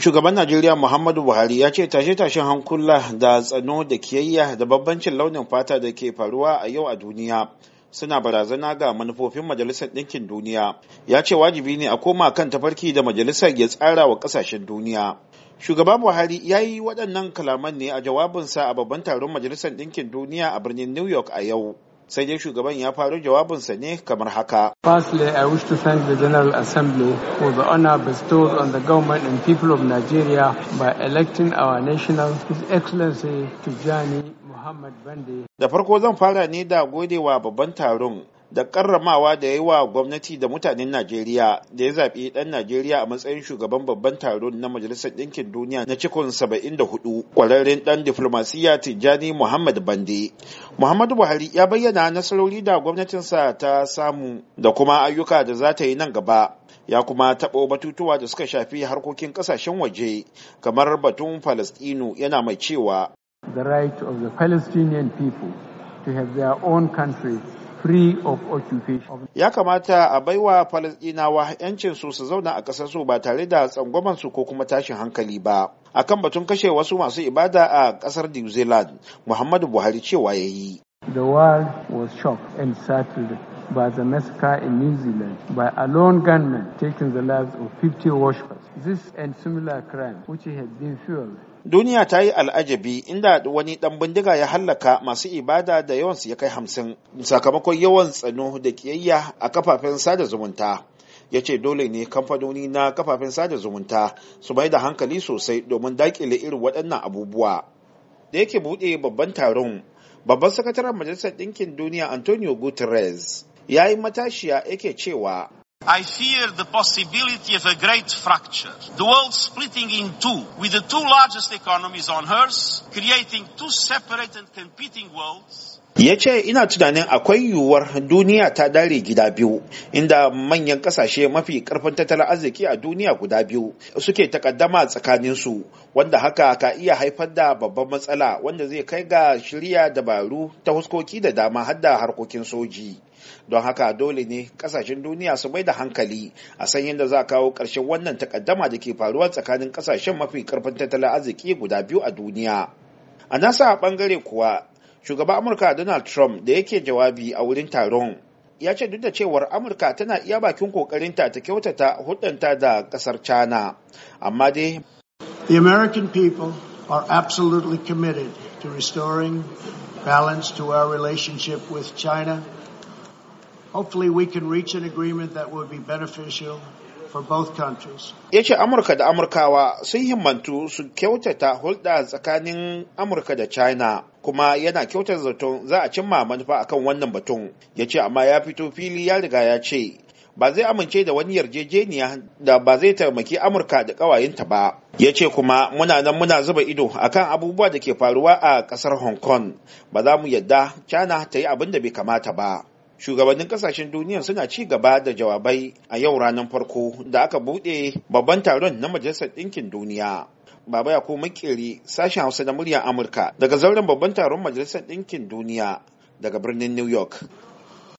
Shugaban Najeriya Muhammadu Buhari ya ce tashe-tashen hankula da tsano da kiyayya da babbancin launin fata da ke faruwa a yau a duniya suna barazana ga manufofin Majalisar Ɗinkin Duniya. Ya ce wajibi ne a koma kan tafarki da majalisar ya tsara wa ƙasashen duniya. Shugaba Buhari ya yi waɗannan kalaman ne a jawabinsa a babban taron Majalisar Ɗinkin Duniya a birnin New York a yau. sai dai shugaban ya faro jawabinsa ne kamar haka. Firstly, I wish to thank the General Assembly for the honor bestowed on the government and people of Nigeria by electing our national, His Excellency Tijani Muhammad Bande. Da farko zan fara ne da godewa babban taron da karramawa da ya yi wa gwamnati da mutanen Najeriya da ya zaɓi ɗan Najeriya a matsayin shugaban babban taron na Majalisar Ɗinkin Duniya na cikon 74 kwararren ɗan diflomasiyya Tijjani Muhammad Bande. Muhammadu Buhari ya bayyana nasarori da gwamnatinsa ta samu da kuma ayyuka da za ta yi nan gaba. Ya kuma taɓo batutuwa da suka shafi harkokin ƙasashen waje kamar batun Falastinu yana mai cewa. The right of the Palestinian people to have their own country free of occupation. Ya kamata a baiwa falasdinawa 'yancin su su zauna a ƙasar su ba tare da tsangwaman su ko kuma tashin hankali ba. Akan batun kashe wasu masu ibada a ƙasar New Zealand, Muhammadu Buhari cewa ya yi. The world was shocked and saddened by the massacre in New Zealand by a lone gunman taking the lives of 50 worshippers. This and similar crime, which had been fueled duniya ta yi al'ajabi inda wani dan bindiga ya hallaka masu ibada da yawansu ya kai hamsin sakamakon yawan tsano da kiyayya a kafafen sada zumunta ya ce dole ne kamfanoni na kafafen sada zumunta su mai da hankali sosai domin dakile irin waɗannan abubuwa da yake buɗe babban taron babban sakataren majalisar ɗinkin duniya antonio guterres ya yi matashiya yake cewa I fear the possibility of a great fracture, the world splitting in two, with the two largest economies on earth creating two separate and competing worlds ya ce ina tunanin akwai yiwuwar duniya ta dare gida biyu inda manyan kasashe mafi karfin tattalin arziki a duniya guda biyu suke takaddama tsakaninsu wanda haka ka iya haifar da babban matsala wanda zai kai ga shirya dabaru ta huskoki da dama har da harkokin soji don haka dole ne kasashen duniya su bai da hankali a san yadda za a kawo ƙarshen wannan takaddama da ke faruwa tsakanin kasashen mafi karfin tattalin arziki guda biyu a duniya a nasa bangare kuwa shugaban amurka donald trump da yake jawabi a wurin taron ya ce duk da cewar amurka tana iya bakin kokarinta ta kyautata hudanta da kasar china amma dai the american people are absolutely committed to restoring balance to our relationship with china hopefully we can reach an agreement that will be beneficial for both countries. Ya ce Amurka da Amurkawa sun himmantu su kyautata hulɗa tsakanin Amurka da China kuma yana kyautar zaton za a cimma manufa akan wannan batun ya ce amma ya fito fili ya riga ya ce ba zai amince da wani yarjejeniya da ba zai taimaki amurka da kawayenta ba ya ce kuma muna nan muna zuba ido a kan abubuwa da ke faruwa a kasar hong kong ba za mu yadda china ta yi abin da bai kamata ba shugabannin kasashen duniya suna ci gaba da jawabai a yau ranar farko da aka buɗe babban taron na majalisar ɗinkin duniya Baba Yakubu Makeri sashen Hausa da murya Amurka daga zauren babban taron Majalisar Ɗinkin Duniya daga birnin New York.